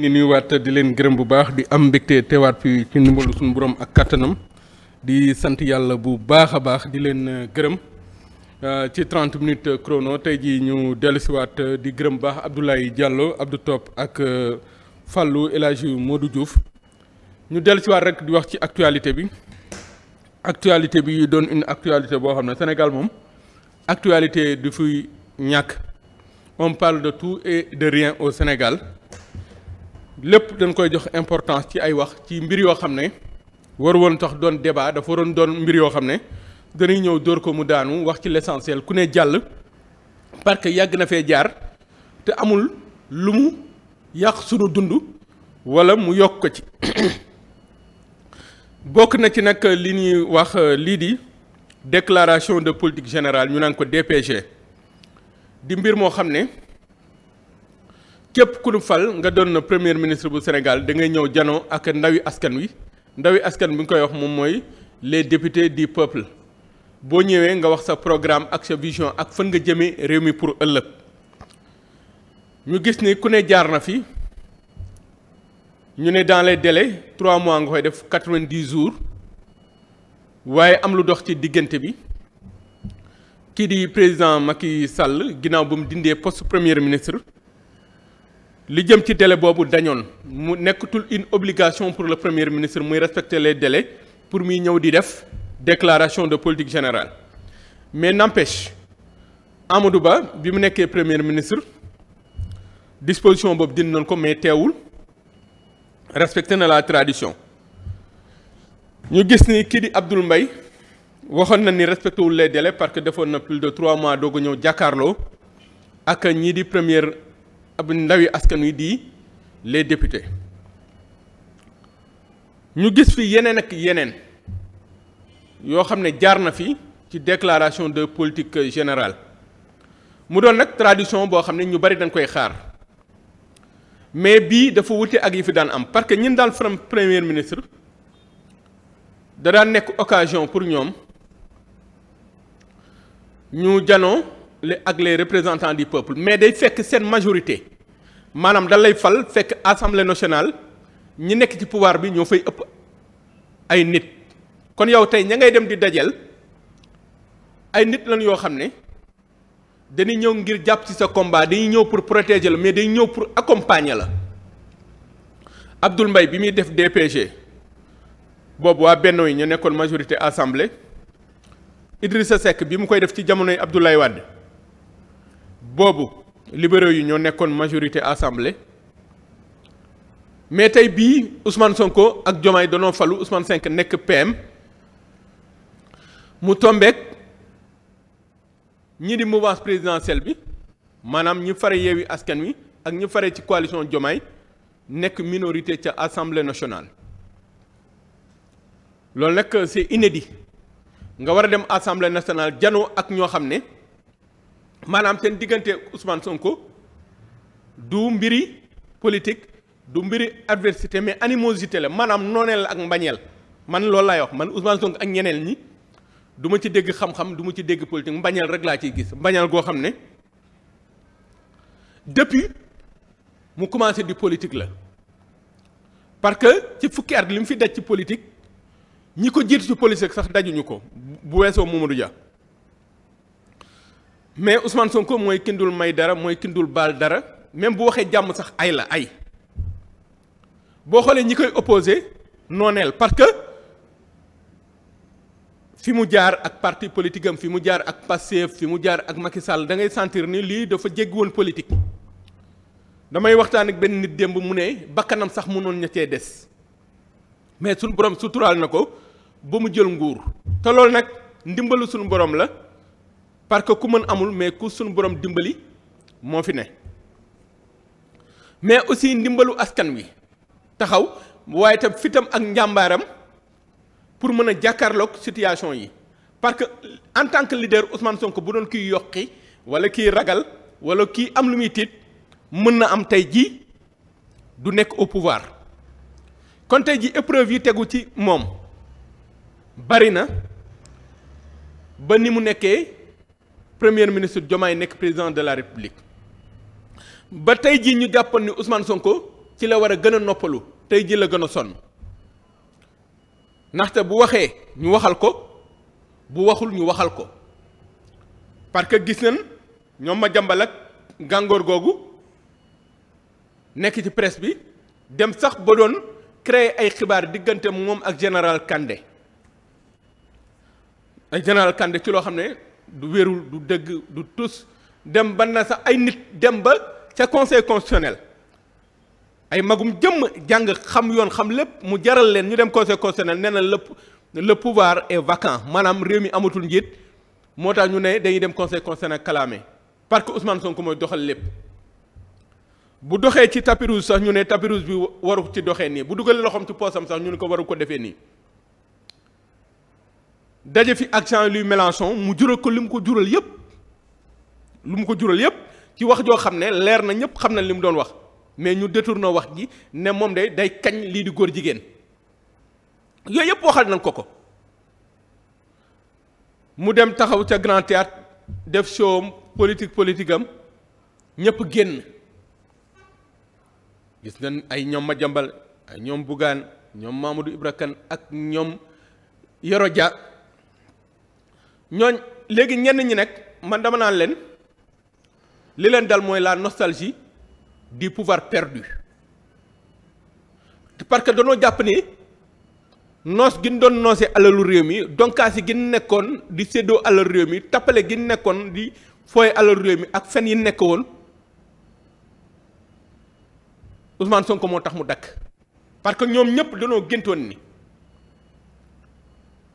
ni di nuyuwaat di leen gërëm bu baax di am mbégte teewaat fi ci ndimbalu suñu borom ak kàttanam di sant yàlla bu baax a baax di leen euh, gërëm euh, ci 30 minutes chrono tey jii ñu dellusiwaat euh, di gërëm baax Abdoulaye Diallo Abdou Top ak Fallou El Hadj Modou Diouf ñu dellusiwaat rek di wax ci actualité bi actualité bi doon une actualité boo xam ne Sénégal moom actualité du fuy ñàkk on parle de tout et de rien au Sénégal. lépp dañ koy jox importance ci ay wax ci mbir yoo xam ne war woon tax doon débat dafa waroon doon mbir yoo xam ne dañuy ñëw dóor ko mu daanu wax ci l'essentiel ku ne jàll parce que yàgg na fee jaar te amul lu mu yàq sunu dund wala mu yokk ko ci bokk na ci nag li ñuy wax lii di déclaration de politique générale ñu naan ko DPG di mbir moo xam ne képp ku nu fal nga doon na premier ministre bu Sénégal da ngay ñëw janoo ak ndawi askan wi ndawi askan bi nga koy wax moom mooy les députés du peuple boo ñëwee nga wax sa programme ak sa vision ak fan nga jëmee réew mi pour ëllëg ñu gis ni ku ne jaar na fi ñu ne dans les délais trois mois nga koy def quatre vingt jours waaye am lu dox ci diggante bi kii di président Macky Sall ginnaaw bu mu dindee poste premier ministre. li jëm ci délai boobu dañoon mu nekkatul une obligation pour le premier ministre muy respecter les délais pour muy ñëw di def déclaration de politique générale mais n'empêche Amadou Ba bi mu nekkee première ministre disposition boobu dindi nañ ko mais teewul respecté na la tradition ñu gis ni kii di Abdoul mbay waxoon na ni respecté wul les délais parce que defoon na plus de trois mois doog ñëw jàkkaarloo ak ñii di première. ab ndawi askan wi di les députés ñu gis fi yeneen ak yeneen yoo xam ne jaar na fi ci déclaration de politique générale mu doon nag tradition boo xam ne ñu bari dañ koy xaar mais bii dafa wute ak yi fi daan am parce que ñun daal frame premier ministre da daan nekk occasion pour ñoom ñu janoo ak les représentant du peuple mais day fekk seen majorité maanaam da lay fal fekk assemblée nationale ñi nekk ci pouvoir bi ñoo fay ëpp ay nit kon yow tey ña ngay dem di dajel ay nit lañ yoo xam ne dañuy ñëw ngir jàpp ci sa combat dañuy ñëw pour protéger la mais dañuy ñëw pour accompagner la Abdoul mbay bi muy def DPG boobu waa Benno yi ñu nekkoon majorité assemblée sa sekk bi mu koy def ci jamonoy Abdoulaye Wade boobu libéraux yi ñoo nekkoon majorité assemblée mais tey bii Ousmane Sonko ak Diomaye danoo falu Ousmane Sonko nekk PM mu tombeek ñi di mouvance présidentielle bi maanaam ñi fare Yewwi Askan Wi ak ñi fare ci coalition Diomaye nekk minorité ca assemblée national loolu nag c'est inédit nga war a dem assemblée national janoo ak ñoo xam ne maanaam seen diggante Ousmane Sonko du mbiri politique du mbiri adversité mais animosité la maanaam nooneel ak mbañeel man loolu laay wax man Ousmane Sonko ak ñeneen ñi du ma ci dégg xam-xam du ma ci dégg politique mbañeel rek laa ciy gis mbañeel goo xam ne depuis mu commencé di politique la parce que ci fukki at li mu fi daj ci politique ñi ko jiitu ci politique sax dajuñu ko bu weesoo Mamadou Dia mais Ousmane Sonko mooy kindul may dara mooy kindul baal dara même bu waxee jàmm sax ay la ay boo xoolee ñi koy opposé nooneel parce que fi mu jaar ak parti politique am fi mu jaar ak Pastef fi mu jaar ak Macky Sall da sentir ni lii dafa jéggi woon politique damay waxtaan ak benn nit démb mu ne bakkanam sax mënoon ña cee des mais suñu borom suturaal na ko ba mu jël nguur te loolu nag ndimbalu sunu borom la. parce que ku mën amul mais ku suñu borom dimbali moo fi ne mais aussi ndimbalu askan wi taxaw waaye tam fitam ak njàmbaaram pour mën a jàkkaarloog situation yi parce que en tant que leader Ousmane bu doon kiy yokki wala kiy ragal wala kii am lu muy tiit mën na am tey jii du nekk au pouvoir kon tey jii épreuve yi tegu ci moom bari na ba ni mu nekkee premier ministre Diomaye nekk président de la république ba tey jii ñu jàppoon ni Ousmane Sonko ci la war a gën a noppalu tey jii la gën a sonn ndaxte bu waxee ñu waxal ko bu waxul ñu waxal ko parce que gis nañ ñoom ma jàmbal ak gàngoor googu nekk ci presse bi dem sax ba doon créer ay xibaar diggante moom ak général Kandé ak général kande ci loo xam ne. du wérul du dëgg du tus dem ba na sax ay nit dem ba ca conseil constitutionnel ay magum jëmm jàng xam yoon xam lépp mu jaral leen ñu dem conseil constitutionnel nee na lépp le pouvoir est vacant maanaam réew mi amatul njiit moo tax ñu ne dañuy dem conseil constitutionnel kalaame parce que Ousmane Sonko mooy doxal lépp bu doxee ci tapis rouge sax ñu ne tapis rouge bi waru ci doxee nii bu dugalee loxoom ci poosam sax ñu ne ko waru ko defee nii. daje fi ak Jean-Luc Mélenchon mu jural ko li mu ko jural yëpp lu mu ko jural yëpp ci wax joo xam ne leer na ñëpp xam na li mu doon wax mais ñu na wax ji ne moom day day kañ lii di góor jigéen yooyu yëpp waxal nañ ko ko mu dem taxaw ca Grand Théâtre def show politique politique am ñëpp génn gis nañ ay ñoom Madiambal ay ñoom Bougane ñoom Mamadou du Kane ak ñoom Yoro Dia ñooñ léegi ñenn ñi nekk man dama naan leen li leen dal mooy la nostalgie du pouvoir perdu parce que dañoo jàpp ni noos gi doon noose alalu réew mi donkaasi gi nekkoon di séddoo alalu réew mi tappale gi nekkoon di fooye alalu réew mi ak fen yi nekk woon Ousmane Sonko moo tax mu dakk parce que ñoom ñëpp dañoo géntoon ni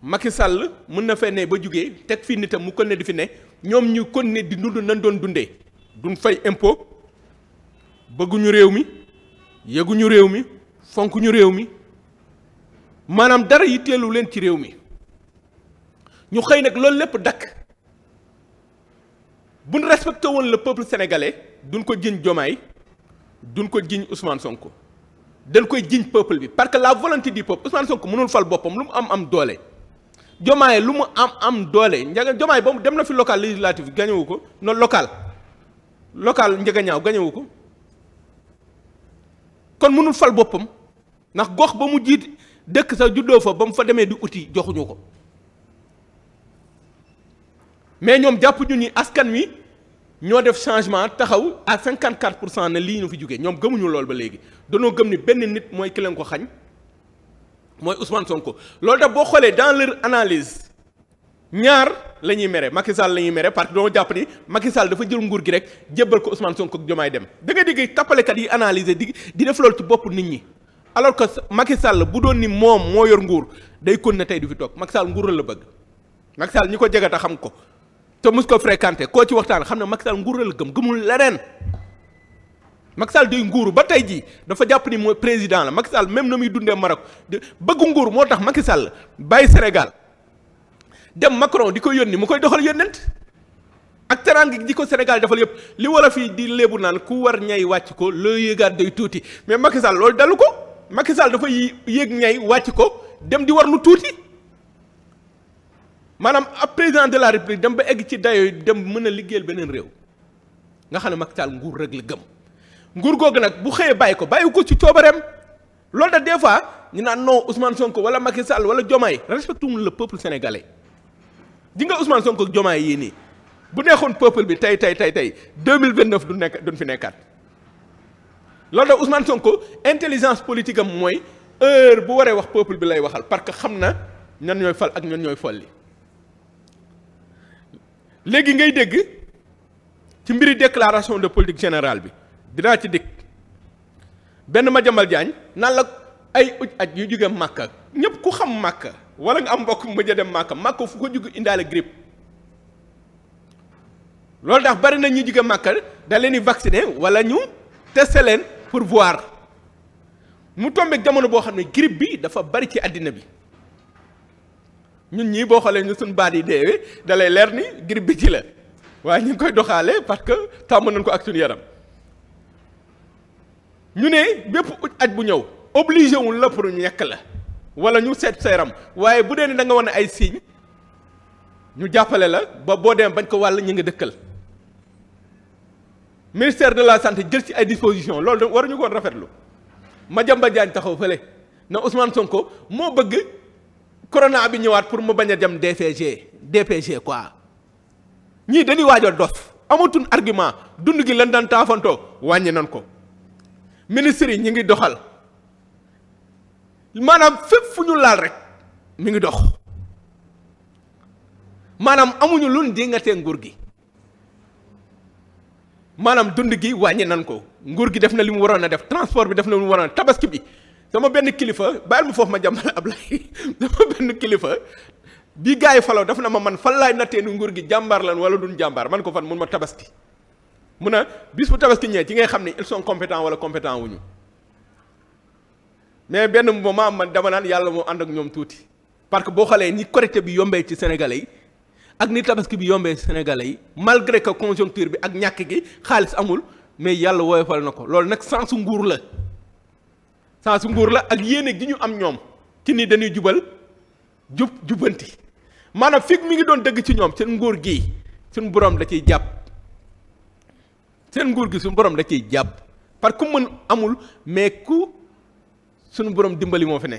Macky sàll mën na fee ne ba jugee teg fii nitam mu kon ne di fi ne ñoom ñu kon ne di dund nan doon dundee duñ fay impôt bëgguñu réew mi yëguñu réew mi fonkuñu réew mi maanaam dara yi teelu leen ci réew mi ñu xëy nag loolu lépp dakk buñ respecté woon la peuple sénégalais dun ko jiñ Diomaye dun ko jiñ Ousmane Sonko dañ koy jiñ peuple bi parce que la volonté du peuple Ousmane Sonko mënul fal boppam lu mu am am doole jomaay lu mu am am doole njaga jomaay ba mu dem na fi local législative gañewu ko non local local njëga ñaaw gañewu ko kon mënul fal boppam ndax gox ba mu jiit dëkk sa juddoo fa ba mu fa demee di uti joxuñu ko mais ñoom jàpp ñu ni askan wi ñoo def changement taxaw à 54 pour cent ne lii ñu fi jógee ñoom gëmuñu lool ba léegi danoo gëm ni benn nit mooy ki ko xañ mooy son ko loolu tax boo xoolee dans leur analise ñaar la ñuy mere Macky Sall la mere parce doo jàpp ni Macky Sall dafa jël nguur gi rek jébbal ko Ousmane son ak Diomaye dem da nga dégg tappalekat yi analyser di di def loolu ci bopp nit ñi alors que Macky Sall bu doon ni moom moo yor nguur day kon ne tey du fi toog Macky Sall nguur la bëgg Macky Sall ñi ko jege te xam ko te mus ko fréquenté koo ci waxtaan xam ne Macky Sall nguur la gëm gëmul leneen. Macky Sall day nguuru ba tey jii dafa jàpp ni mooy président la Macky Sall même na muy dundee Maroc bëgg nguur moo tax Macky Sall bàyyi Sénégal dem Macron di ko yónni mu koy doxal yónnent ak teraanga gi di ko Sénégal defal yëpp li wala fii di léebu naan ku war ñay wàcc ko loo yéegaat day tuuti mais Macky loolu dalu ko Macky Sall dafa yéeg ñay wàcc ko dem di war lu tuuti maanaam ab président de la république dem ba egg ci dayo dem mën a liggéeyal beneen réew nga xam ne nguur rek la gëm. nguur googu nag bu xëyee bàyyi ko bàyyi ko ci coobareem loolu da des fois ñu naan non Ousmane Sonko wala Macky Sall wala Diomaye respecté wul le peuple sénégalais di nga Ousmane Sonko ak Diomaye yii nii bu neexoon peuple bi tey tey tey tey deux mille vingt neuf du nekk duñ fi nekkaat loolu da Ousmane Sonko intelligence politique am mooy heure bu waree wax peuple bi lay waxal parce que xam na ñan ñooy fal ak ñan ñooy folli léegi ngay dégg ci mbiri déclaration de politique générale bi. dinaa ci dikk benn ma jamal jaañ naan la ay uj aj yu jóge màkka ñépp ku xam màkka wala nga am mbokk mu jë dem màkka màkka fu ko jug indaale grippe loolu tax bari nañ ñu jóge màkka da leen di vacciner wala ñu tester leen pour voir mu tombeek jamono boo xam ne grippe bi dafa bari ci àddina bi ñun ñii boo xoolee ñu suñ baat yi deewee da leer ni grippe bi ci la waaye ñu ngi koy doxaale parce que tàmm nañ ko ak suñu yaram ñu ne bépp aj bu ñëw obligé wul la pour ñu yekk la wala ñu seet seeram waaye bu dee ne da nga wane ay signe ñu jàppale la ba boo dem bañ ko wàll ñu nga dëkkal ministère de la sant jël ci ay disposition loolu da waruñu koon rafetlu Madiambal Diagne taxaw fële na son ko moo bëgg corona bi ñëwaat pour mu bañ a dem DPG DPG quoi ñii dañuy waajal dof amatuñ argument dund gi lan daan taafantoo wàññi nan ko ministre yi ñu ngi doxal maanaam fépp fu ñu laal rek mi ngi dox maanaam amuñu lu dingatee nguur gi maanaam dund gi wàññi nan ko nguur gi def na li mu waroon a def transport bi def na mu waroon a tabaski bi sama benn kilifa bàyyil mu foofu ma jàmbale Ablaye sama benn kilifa bi gars yi faloo daf na ma man fan laay nattee nu nguur gi jàmbaar lan wala duñ jàmbaar man ko fan mun ma tabaski mun a bis bu tabaski ñëwee ci ngay xam ne ils sont compétents wala compétents ñu mais benn moment man dama naan yàlla moo ànd ak ñoom tuuti parce que boo xoolee ni Korité bi yombee ci sénégalais yi ak ni tabaski bi yombee ci sénégalais yi malgré que conjoncture bi ak ñàkk gi xaalis amul mais yàlla woyofal na ko loolu nag sensu nguur la sensu nguur la ak yéene gi ñu am ñoom ci nii dañuy jubal jub jubanti maanaam fig mi ngi doon dëgg ci ñoom seen nguur gi suñu borom da ciy jàpp. seen nguur gi suñu borom da ciy jàpp par ku mën amul mais ku suñu borom dimbali moo fi ne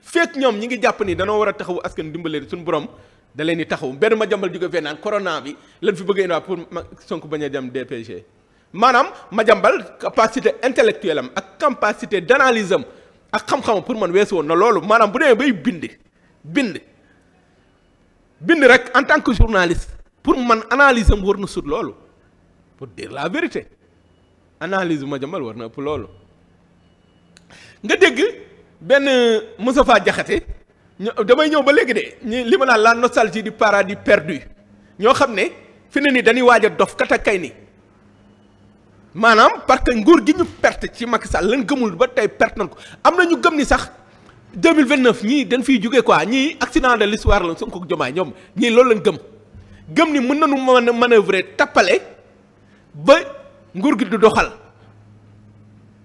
fekk ñoom ñi ngi jàpp nii danoo war a taxawu askan dimbali suñu borom da leen di taxaw benn ma jambal jóge fee naan corona bi lan fi bëgg a pour ma Sonko bañ a dem DPG maanaam ma jambal capacité intellectuelle am ak capacité d'analyse am ak xam-xamam man weesu woon na loolu maanaam bu demee bay bind bind bind rek en tant que journaliste pour man analyse am war na sut loolu pour dire la vérité analyse bu ma jëmbal war na ëpp loolu nga dégg benn Moustapha Diakhaté ñu damay ñëw ba léegi de ñu li ma naan la nostalgie du paradis perdu ñoo xam ne fi ne ni dañuy waaj a dof kat kay ni maanaam parce que nguur gi ñu perte ci Macky Sall lan gëmul ba tey perte nañ ko am na ñu gëm ni sax 2029 ñii dañ fiy jóge quoi ñii accident de l'histoire la Sonko ak Diomaye ñoom ñii loolu lañ gëm gëm ni mën nañu mën a manœuvrer tappale ba nguur gi du doxal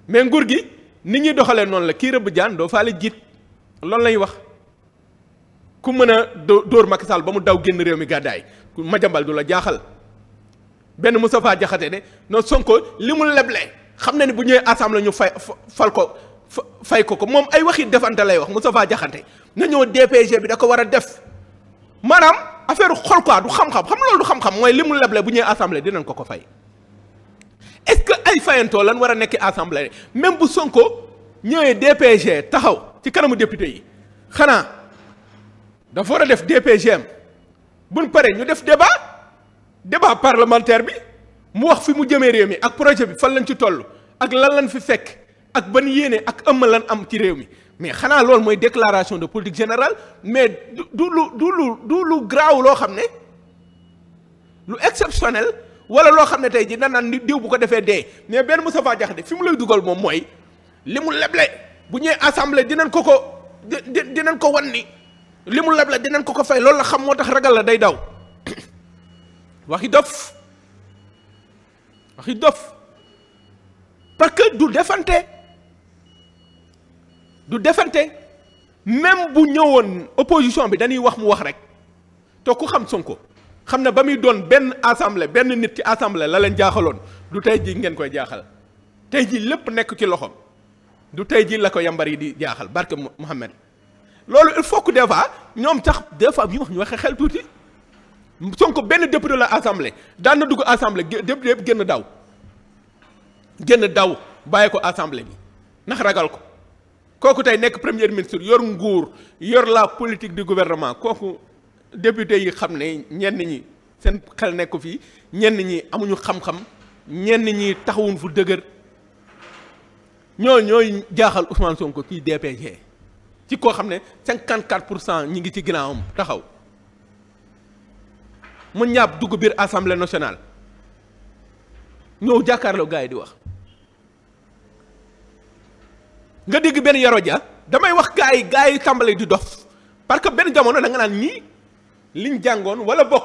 mais nguur gi nit ñuy doxalee noonu la kii rëbb jaan doo faale jiit loolu lay wax ku mën a dóor Macky Sall ba mu daw génn réew mi gàddaay ma jambal du la jaaxal benn Moustapha Diakhaté ne non Sonko li mu leble xam na ni bu ñëwee assemblée ñu fay fal ko fay ko ko moom ay waxi defante lay wax Moustapha Diakhaté na ñëw DPG bi da ko war a def maanaam affaire xol quoi du xam-xam xam loolu du xam-xam mooy li mu leble bu ñëwee assemblée dinañ ko ko fay. est-ce que ay fayantoo lan war a nekk assemblée même bu Sonko ñëwee DPG taxaw ci kanamu député yi xanaa dafa war a def DPGM buñ paree ñu def débat débat parlementaire bi mu wax fi mu jëmee réew mi ak projet bi fan lañ ci toll ak lan lañ fi fekk ak ban yéene ak ëmm lan am ci réew mi mais xanaa loolu mooy déclaration de politique général mais du du lu du lu du lu graaw loo xam ne lu exceptionnel. wala loo xam ne tey ji danaan ni diw bu ko defee dee mais benn Moustapha Diakhaté fi mu lay dugal moom mooy li mu leble bu ñëwee assemblée dinañ ko ko dinañ ko wan ni li mu leble dinañ ko ko fay loolu la xam moo tax ragal la day daw waxi dof waxi dof parce que du defante du defante même bu ñëwoon opposition bi dañuy wax mu wax rek te ku xam ko xam ne ba muy doon benn assemblée benn nit ci assemblée la leen jaaxaloon du tey ji ngeen koy jaaxal tey ji lépp nekk ci loxoom du tey ji la ko yambar yi di jaaxal barke Mouhamed loolu il faut que des fois ñoom sax des fois bi wax ñu waxee xel tuuti Sonko benn député la assemblée daan na dugg assemblée député yëpp génn daw génn daw bàyyi ko assemblée bi ndax ragal ko kooku tey nekk premier ministre yor nguur yor la politique du gouvernement kooku député yi xam ne ñenn ñi seen xel nekku fii ñenn ñi amuñu xam-xam ñenn ñi taxawuñ fu dëgër ñoo ñooy jaaxal Ousmane Sonko kii DPG ci koo xam ne 54 pour cent ñi ngi ci ginnaawam taxaw mu ñàpp dugg biir assemblée nationale ñëw jàkkaarloo gars yi di wax nga dégg benn yaro ja damay wax gars yi gars yi tàmbali di dof parce que benn jamono da nga naan nii liñ jàngoon wala bokk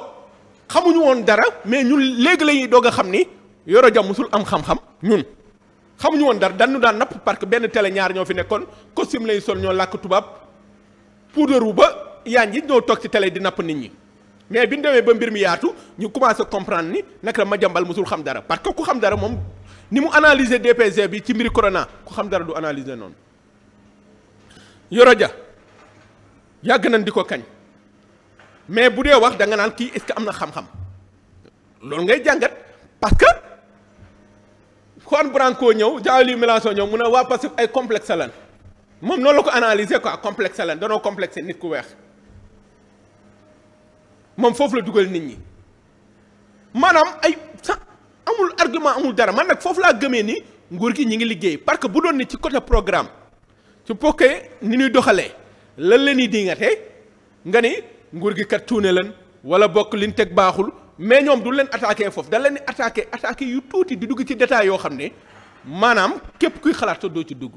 xamuñu woon dara mais ñun léegi la ñuy doog a xam ni Yoro Dia musul am xam-xam ñun xamuñu woon dara dañu daan napp parce que benn télé ñaar ñoo fi nekkoon costume lay sol ñoo làkk tubaab puudaru ba yaan yi ñoo toog ci télé di napp nit ñi mais bi ñu demee ba mbir mi yaatu ñu commencé comprendre ni naka la Madiambal musul xam dara parce que ku xam dara moom ni mu analyser dps bi ci mbiri corona ku xam dara du analyser noonu Yoro ja yàgg nañ di ko kañ. mais bu dee wax da nga naan kii est-ce que am na xam-xam loolu ngay jàngat parce que Juan Branco ñëw João Melanchon ñëw mun a waa Pastef ay complexe lan moom noonu la ko analyser quoi complexe lan danoo complexé nit ku weex moom foofu la dugal nit ñi maanaam ay sax amul argument amul dara man nag foofu laa gëmee ni nguur gi ñi ngi liggéey parce que bu doon ni ci côté programme su pokkee ni ñuy doxalee lan la ñuy dingatee nga ni. nguur gi kat cuune leen wala bokk liñ teg baaxul mais ñoom du leen attaqué foofu da leen di attaqué attaqué yu tuuti di dugg ci détail yoo xam ne maanaam képp kuy xalaat doo ci dugg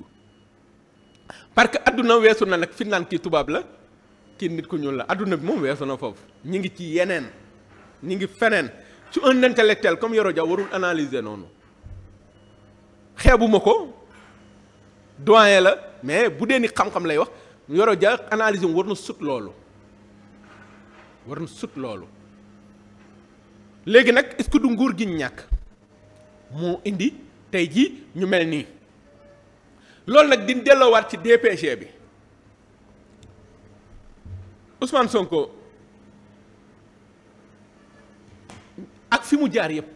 parce que adduna weesu na nag fi naan kii tubaab la kii nit ku ñuul la adduna bi moom weesu na foofu ñu ngi ci yeneen ñu ngi feneen su un intellectuel comme Yoro Dia warul analyser noonu xeebuma ko doyen la mais bu dee ni xam-xam lay wax Yoro Dia analyser war na sut loolu war na sut loolu léegi nag est nguur gi ñàkk moo indi tey jii ñu mel nii loolu nag di delloowaat ci DPG bi Ousmane Sonko ak fi mu jaar yëpp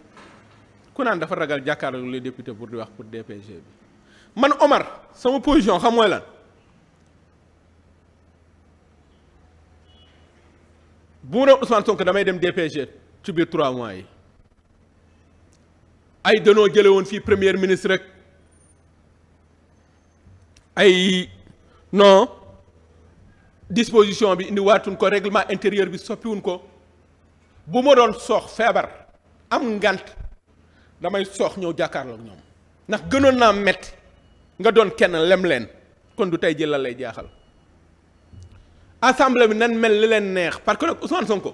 ku naan dafa ragal jàkkaarloo les députés pour di wax pour DPG bi man Omar sama position xam mooy la bu mu ne Ousmane Sonko damay dem DPG ci biir trois mois yi ay danoo jële woon fii premier ministre rek ay non disposition bi indi ko règlement intérieur bi soppiwuñ ko bu ma doon soox feebar am ngànt damay soox ñëw jàkkaarlook ñoom ndax gënoon naa metti nga doon kenn lem leen kon du tey ji la lay jaaxal assemblée bi nan mel li leen neex parce que nag Sonko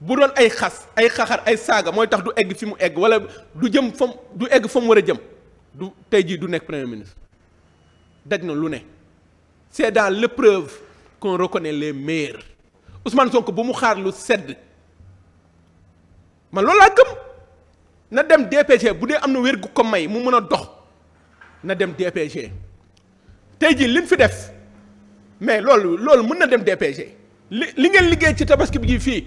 bu doon ay xas ay xaxar ay saaga mooy tax du egg fi mu egg wala du jëm fa du egg fa mu war a jëm du tey jii du nekk premier ministre daj na lu ne c'est dans l'épreuve qu'on reconnaît les meilleurs Ousmane Sonko bu mu xaar lu sedd man loolu laa gëm na dem DPG bu dee am na wér gu ko may mu mën a dox na dem DPG tey jii li fi def. mais loolu loolu mën na dem DPG li li ngeen liggéey ci tabaski bi gi fii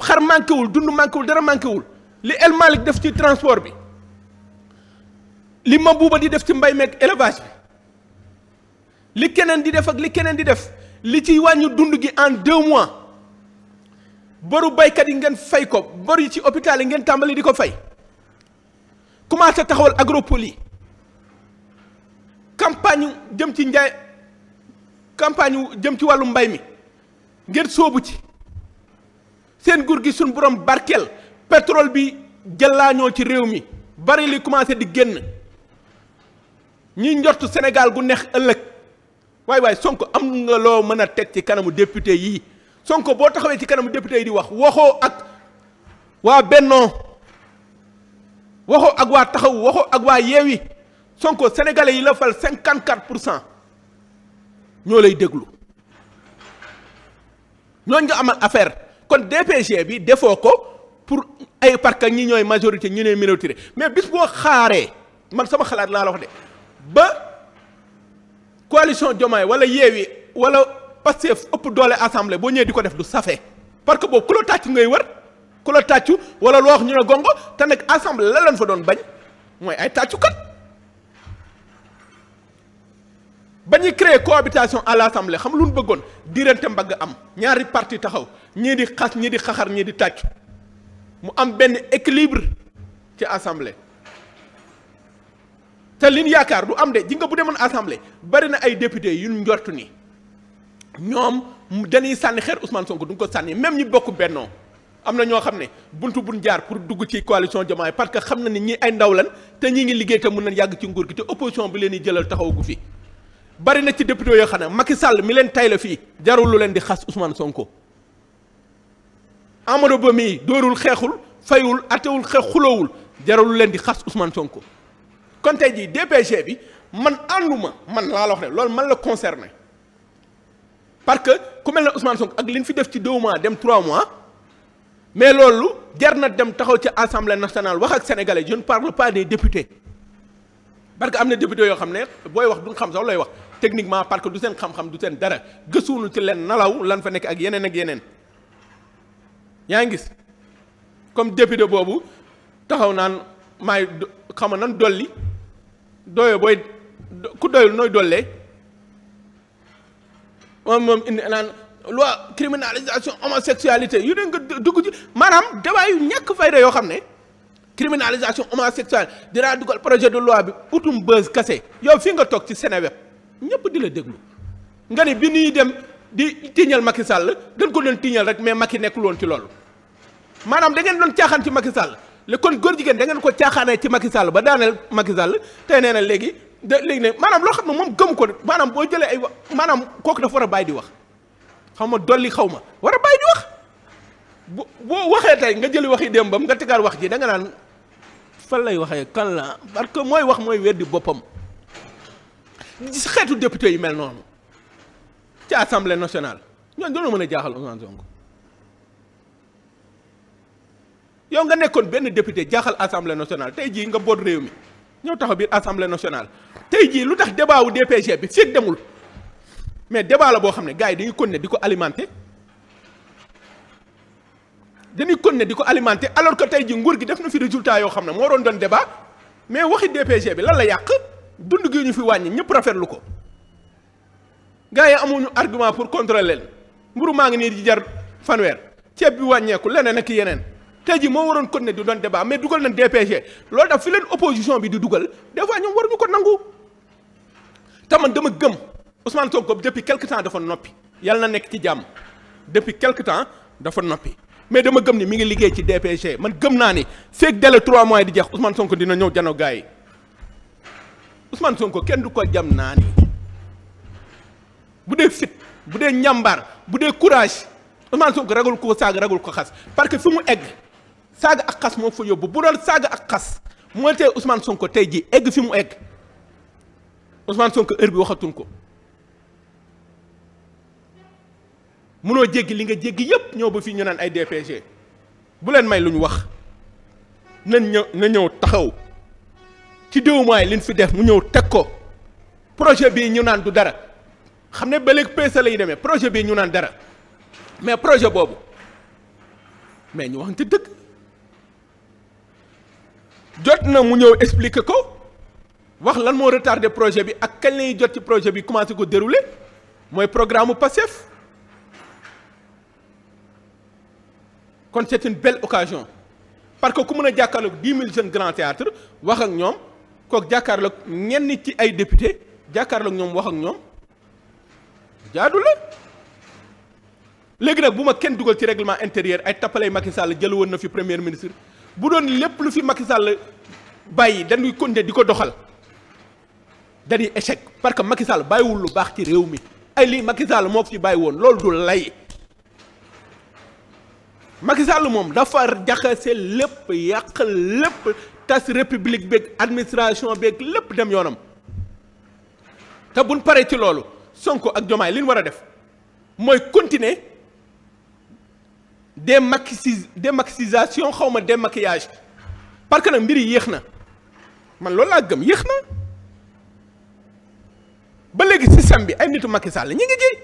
xar manqué wul dund manqué wul dara manqué wul li El Malick def ci transport bi li ma Mabouba di def ci mbay meeg élevage bi li keneen di def ak li keneen di def li ci wàññi dund gi en deux mois boru baykat yi ngeen fay ko bor yi ci hôpital yi ngeen tàmbali di ko fay commencé taxawal agropole yi campagne jëm ci njaay campagne wu jëm ci wàllu mbay mi ngeen soobu ci seen gur gi suñ borom barkeel pétrole bi jëllaañoo ci réew mi bari li commencé di génn ñi njot Sénégal gu neex ëllëg waaye waay Sonko am nga loo mën a teg ci kanamu député yi Sonko boo taxawee ci kanamu député yi di wax waxoo ak waa Bennoo waxoo ak waa Taxaw waxoo ak waa Yeewi Sonko sénégalais yi la fal 54 pour cent. ñoo lay déglu ñooñ nga amal affaire kon DPG bi defoo ko pour ay parka ñi ñooy majorité ñu ne minorité mais bis boo xaaree man sama xalaat laa la wax de ba coalition Diomaye wala Yewwi wala Pastef ëpp doole assemblée boo ñëwee di ko def du safee parce que boobu ku la tàccu ngay wër ku la tàccu wala loo wax ñu ne gongo te nag assemblée la leen fa doon bañ mooy ay tàccukat ba ñuy créer cohabitation à l'Assemblée xam lu ñu bëggoon diirante mbagg am ñaari parti taxaw ñii di xas ñii di xaxar ñii di tàcc mu am benn équilibre ci assemblée te liñ yaakaar du am de ji nga bu demoon assemblée bari na ay député yu njort ni ñoom dañuy sànni xeer Ousmane Sonko du nga ko sànni même ñi bokk bennoo am na ñoo xam ne buntu buñ jaar pour dugg ci coalition Diomaye parce que xam na ni ñi ay ndaw lan te ñi ngi liggéey te mën nañ yàgg ci nguur gi te opposition bi leen di jëlal taxaw gu fi. bari na ci député yoo xam ne Macky sàll mi leen tay fii jarul lu leen di xas Ousmane Sonko Amadou Ba mii dóorul xeexul fayul atewul xeex xuloowul jarul lu leen di xas Ousmane Sonko kon tey jii DPG bi man ànduma man laa la wax loolu man la concerné parce que ku mel ne Ousmane Sonko ak li ñu fi def ci deux mois dem trois mois mais loolu jar na dem taxaw ci assemblée nationale wax ak sénégalais je par parle pas des députés parce que am na député yoo xam ne booy wax duñ xam sax looy wax techniquement parce que du seen xam-xam du seen dara gësuwunu ci leen nalaw lan fa nekk ak yeneen ak yeneen yaa ngi gis comme député boobu taxaw naan maay xama nan dolli dooyo booy ku doyul nooy dollee moom moom indi naan loi criminalisation homosexualité yu ne nga dugg ci maanaam débat yu ñàkk fayda yoo xam ne criminalisation homosexuelle dinaa dugal projet de loi bi utum buzz kase yow fii nga toog ci Seneweb ñëpp di la déglu nga ne bi nuy dem di tiiñal Macky Sall dañ ko doon tiiñal rek mais Macky nekkul woon ci loolu maanaam dangeen ngeen doon caaxaan ci Macky Sall le kon góor jigéen da ngeen ko caaxaanee ci Macky Sall ba daaneel Macky Sall tey nee na léegi da léegi ne maanaam loo xam ne moom gëmu ko maanaam boo jëlee ay wax maanaam kooku dafa war a bàyyi di wax xaw ma dolli xaw ma war a bàyyi di wax bu boo waxee tey nga jëli waxi démbam nga tegaat wax ji da nga naan fan lay waxee kan la parce que mooy wax mooy weddi boppam. si xeetu député yi mel noonu ci assemblée nationale ñooñu dañoo mën a jaaxal Ousmane Sonko yow nga nekkoon benn député jaaxal assemblée nationale tey jii nga boot réew mi ñëw taxaw biir assemblée nationale tey jii lu tax débat wu DPG bi fekk demul mais débat la boo xam ne gaa yi dañuy ne di ko alimenter dañuy continuer di ko alimenter alors que tey jii nguur gi def na fi résultat yoo xam ne moo doon doon débat mais waxi DPG bi lan la yàq. dund gi ñu fi wàññi ñëpp rafetlu ko gaa yi amuñu argument pour contrôler leen mburu maa ngi nii di jar fanweer ceeb bi wàññeeku leneen ak yeneen tey ji moo waroon ne di doon débat mais dugal nañ DPG loolu daf fi leen opposition bi di dugal des fois war waruñu ko nangu te man dama gëm Ousmane Sonko depuis quelque temps dafa noppi yal na nekk ci jàmm depuis quelque temps dafa noppi mais dama gëm ni mi ngi liggéey ci DPG man gëm naa ni feeg délai trois mois di jeex Ousmane Sonko dina ñëw jano yi Ousmane Sonko kenn du ko jam naa ni bu dee fit bu dee njàmbaar bu dee courage Ousmane Sonko ragul ko saaga ragul ko xas parce que fi mu egg saaga ak xas moo fa yóbbu bu doon saaga ak xas moo tee Ousmane Sonko tey jii egg fi mu egg usman Sonko heure bi waxatul ko mënoo jéggi li nga jéggi yépp ñëw ba fii ñu naan ay DPG bu leen may lu ñu wax nañ ñëw na ñëw taxaw ci deux mois yi li ñu fi def mu ñëw teg ko projet bi ñu naan du dara xam ne ba léegi peese demee projet bii ñu naan dara mais projet boobu mais ñu wax waxante dëkk jot na mu ñëw expliquer ko wax lan moo retardé projet bi ak kañ lañuy jot ci projet bi commencé ko dérouler mooy programme mu Pastef kon c'est une belle occasion parce que ku mën a jàkkaarloog dix mille jeunes grand théâtre wax ak ñoom. kook jàkkaarloog ñenn ci ay député jàkkaarloog ñoom wax ak ñoom jaadu la léegi nag bu ma kenn dugal ci règlement intérieur ay tappalay Macky Sall jël woon na fi premier ministre bu doon lépp lu fi Macky bàyyi dañuy continuer di ko doxal dañuy échec parce que Macky Sall bàyyiwul lu baax ci réew mi ay lii Macky Sall moo fi bàyyi woon loolu du lay moom dafa jaxase lépp yàq lépp tas république beeg administration beeg lépp dem yoonam te bun paree ci loolu Sonko ak Jomaay li ñu war a def mooy continuer démaxi démaxisation xawma ma démaquillage parce que nag mbir yéex na man loolu laa gëm yéex na ba léegi système bi ay nitu Macky la ñu ngi ci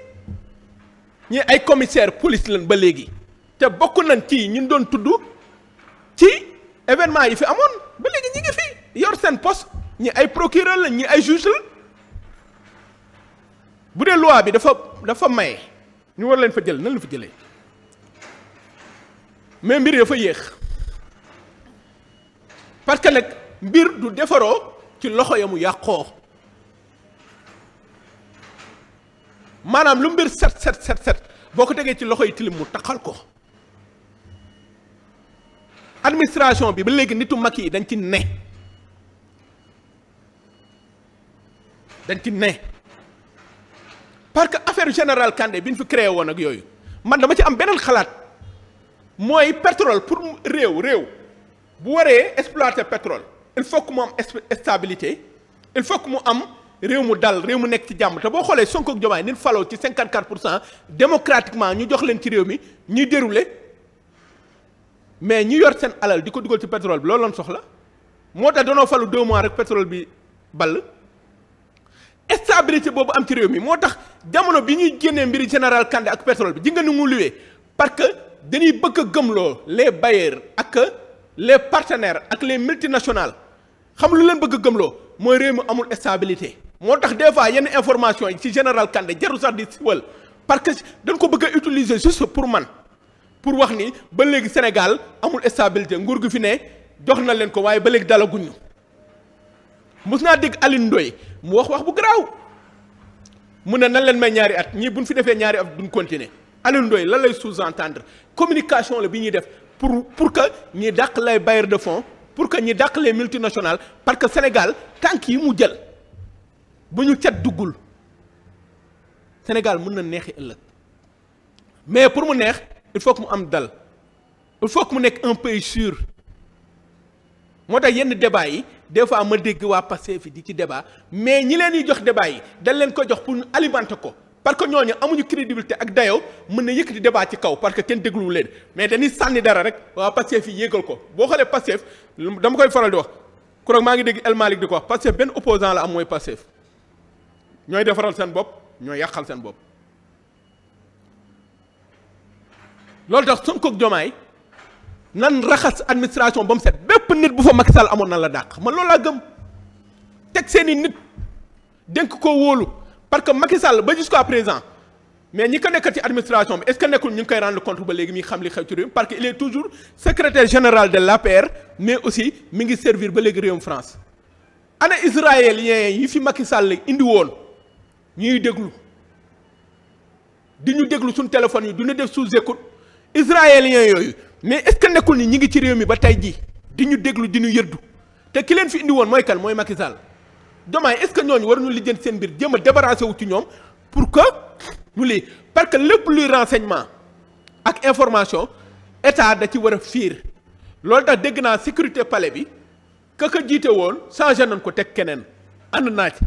ñii ay commissaire police lañ ba léegi te bokk nañ ci ñu ñun doon tudd ci. événement yi fi amoon ba léegi ñi ngi fi yor seen poste ñi ay procureur la ñi ay juge la bu dee loi bi dafa dafa maye ñu war leen fa jël nan la fa jëlee mais mbir dafa yéex parce que nag mbir du defaroo ci loxo ya mu yàqoo maanaam lu mbir set set set set boo ko tegee ci loxo yi tilim mu taqal ko administration bi ba léegi nitu mag yi dañ ci ne dañ ci ne parce que affaire générale Kandé bi ñu fi créer woon ak yooyu man dama ci am beneen xalaat mooy pétrole pour réew réew bu waree exploiter pétrole il faut que mu am stabilité il faut mu am réew mu dal réew mu nekk ci jàmm te boo xoolee Sonko ak Diomaye nit faloo ci 54 pour cent démocratiquement ñu jox leen ci réew mi ñuy dérouler mais ñu yor seen alal di ko dugal ci pétrole bi loolu lañ soxla moo tax danoo falu deux mois pétrole bi ball estabilité boobu am ci réew mi moo tax jamono bi ñuy génnee mbir général Kandé ak pétrole bi ji nga ni mu luwee parce que dañuy bëgg a gëmloo les bailleurs ak les partenaires ak les multinationales xam lu leen bëgg gëmloo mooy réew mi amul estabilité moo tax des fois yenn information yi ci général Kandé jaru sax di siwal parce que dañ ko bëgg a utiliser juste pour man. pour wax ni ba léegi Sénégal amul stabilité nguur gi fi ne jox na leen ko waaye ba léegi dalaguñu mos naa dégg Alioune Ndoye mu wax wax bu garaaw mun ne nan leen may ñaari at ñii buñ fi defee ñaari at duñ continuer Alioune Ndoye la lay sous-entendre communication la bi ñuy def pour pour que ñi dàq lay bailleurs de fonds pour que ñi dàq les multinationales parce que Sénégal tànk yi mu jël bu ñu cat duggul Sénégal mun na neexi ëllëg mais pour mu neex. il faut que mu am dal il faut que mu nekk un pays sûr moo tax yenn débat yi des fois ma dégg waa Pastef fi di ci débat mais ñi leen di jox débat yi dañ leen ko jox pour ñu alimenter ko parce que ñooñu amuñu crédibilité ak dayoo mën na yëkkati débat ci kaw parce que kenn dégluwu leen mais dañuy sànni dara rek waa Pastef fi yéegal ko boo xoolee Pastef dama koy faral di wax kuréel maa ngi dégg El Malick di ko wax Pastef benn opposant la am mooy Pastef ñooy defaral seen bopp ñooy yàqal seen bopp. loolu tax Sonko ak Jomaay nan raxas administration ba mu set bépp nit bu fa Macky Sall amoon na la dàq man loolu laa gëm teg seeni nit dénk ko wóolu parce que Macky Sall ba jusqu'à présent mais ñi ko nekkat ci administration bi est-ce que nekkul ñu ngi koy rendre compte ba léegi mi xam li xew ci réew parce que il est toujours secrétaire général de l'APR mais aussi mi ngi servir ba léegi réewum France ana israélien yi fi Macky Sall indi woon ñuy déglu di ñu déglu suñu yi du ñu def sous écoute israéliens yooyu mais est-ce que nekkul ni ñi ngi ci réew mi ba tey jii di ñu déglu di ñu yëddu te ki leen fi indi woon mooy kan mooy Macky Sall Diomaye est war nu ñooñu waruñu seen mbir jéem a débarrassé wu ci ñoom pour que ñu lii parce que lépp luy renseignement ak information état da ci war a fiir loolu tax dégg naa sécurité pale bi ka ka jiite woon changé nañ ko teg keneen ànd naa ci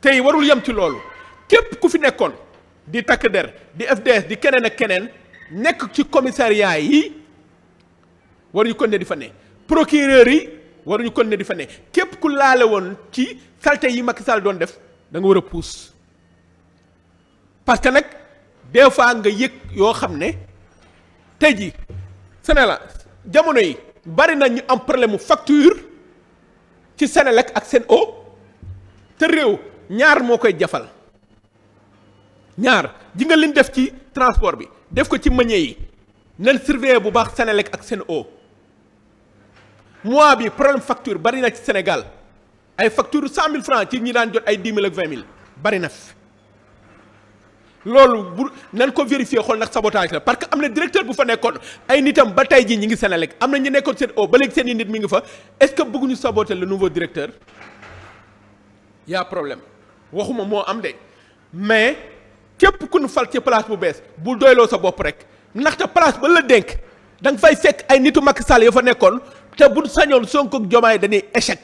tey warul yem ci loolu képp ku fi nekkoon di takk der di FDS di keneen ak keneen. nekk ci commissariat yi waruñu kon ne di fa ne procureur yi waruñu kon ne di fa ne képp ku laale woon ci salte yi Macky Sall doon def da nga war a puus parce que nag des fois nga yëg yoo xam ne tey ji la jamono yi bari na ñu am problème mu facture ci Sénélec ak seen Sen'Eau te réew ñaar moo koy jafal ñaar ji nga leen def ci transport bi def ko ci meññe yi nan surveiller bu baax Senelec ak seen Sen'Eau mois bi problème facture bari na ci Sénégal ay facture cent mille francs ci ñi daan jot ay dix mille ak vingt mille bari na fi loolu bu nan ko vérifier xool nag sabotage la parce que am na directeur bu fa nekkoon ay nitam ba tey ji ñi ngi Senelec am na ñu nekkoon Sen'Eau ba léegi seen i nit mi ngi fa est-ce que bëgguñu saboter le nouveau directeur y problème waxuma moo am de mais. képp ku nu fal ci place bu bees bu doyloo sa bopp rek ndaxte place ba la dénk da nga fay fekk ay nitu mag Sall yoo fa nekkoon te bu sañoon Sonko ak dañuy échec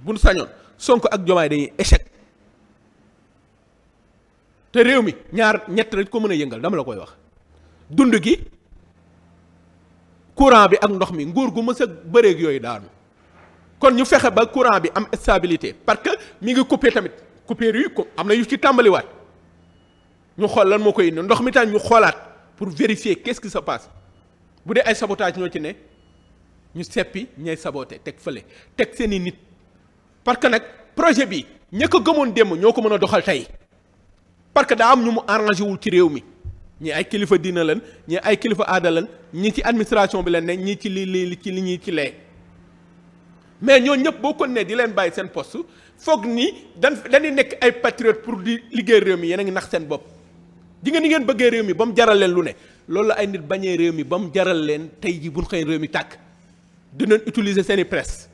bu sañoon sonk ak Diomaye dañuy échec te réew mi ñaar ñett rek ko mën a yëngal dama la koy wax dund gi courant bi ak ndox mi nguur gu mës bëreek yooyu daanu kon ñu fexe ba courant bi am stabilité parce que mi ngi coupé tamit coupure yi ko am na yu ci tàmbaliwaat ñu xool lan moo koy indi ndox mi tam ñu xoolaat pour vérifier qu'est-ce qui se passe bu dee ay sabotage ñoo ci ne ñu seppi ñay saboté teg fële teg seeni nit parce que nag projet bi ña ko gëmoon démb ñoo ko mën a doxal tey parce que daa am ñu mu arrangé wul ci réew mi ñi ay kilifa diina lan ñi ay kilifa aada lan ñi ci administration bi lan ne ñii ci li li ci li ñuy ci lee mais ñoo ñëpp boo ko nee di leen bàyyi seen poste foog ni dan dañuy nekk ay patriote pour di liggéey réew mi yéen a ngi nax seen bopp di nga ni ngeen bëggee réew mi ba mu jaral leen lu ne loolu la ay nit bañee réew mi ba mu jaral leen tey ji bu ñu xëy réew mi tàkk dinañ utiliser seen i presse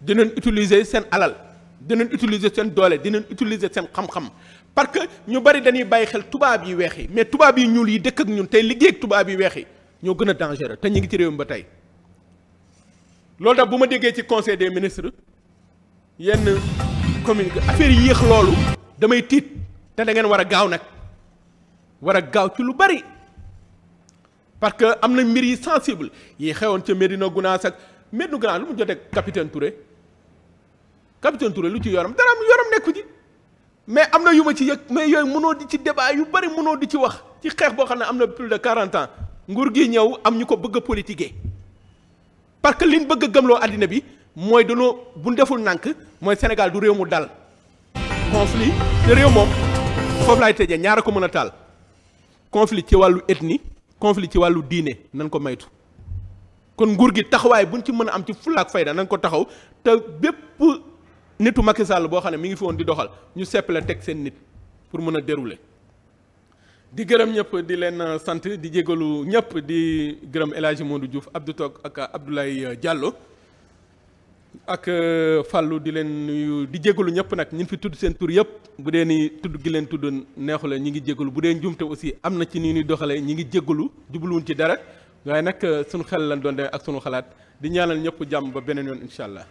dinañ utiliser seen alal dinañ utiliser seen doole dinañ utiliser seen xam-xam parce que ñu bari dañuy bàyyi xel tubaab yi weex yi mais tubaab yi ñuul yi dëkk ak ñun tey liggéey tubaab yi weex yi ñoo gën a dangereux te ñu ngi ci réew ba tey loolu tax bu ma déggee ci conseil des ministres yenn commune affaire yi yéex loolu damay tiit te da war a gaaw nag war a gaaw ci lu bari parce que am na mbir yi sensible yi xewoon ca Medina Gunaas ak Medina Gunaas lu mu jotee capitaine Touré capitaine ture lu ci yoram dara am yoram nekku ci mais am na yu ma ci yëg mais yooyu mënoo di ci débat yu bari mënoo di ci wax ci xeex boo xam ne am na plus de 40 ans nguur gi ñëw am ñu ko bëgg a parce que liñ bëgg a gëmloo àddina bi mooy danoo bu deful nànk mooy Sénégal du réew mu dal conflit te réew moom foofu laay tëjee ñaara ko mën a taal conflit ci wàllu etni conflit ci wàllu diine nañ ko maytu kon nguur gi taxawaay bu buñ ci mën a am ci fulaak fayda nañ ko taxaw te bépp nitu Macky Sall boo xam ne mi ngi fi woon di doxal ñu sepp la teg seen nit pour mën a dérouler di gërëm ñëpp di leen euh, sant di jégalu ñëpp di gërëm El Hadji Modou Diouf Abdou Toog ak euh, Abdoulaye euh, Diallo ak Fallou di leen nuyu di jégalu ñëpp nag ñun fi tudd seen tur yëpp bu dee ni tudd gi leen tudd neexule ñu ngi jégalu bu dee njuumte aussi am na ci ni ñuy doxalee ñu ngi jégalu jubluwuñ ci dara waaye nag sunu xel lañ doon demee ak sunu xalaat di ñaanal ñëpp jàmm ba beneen yoon incha allah.